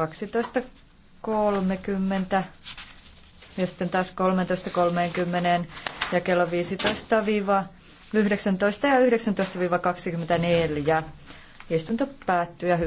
12.30 ja sitten taas 13.30 ja kello 15-19 ja 19-24. Istunto päättyy ja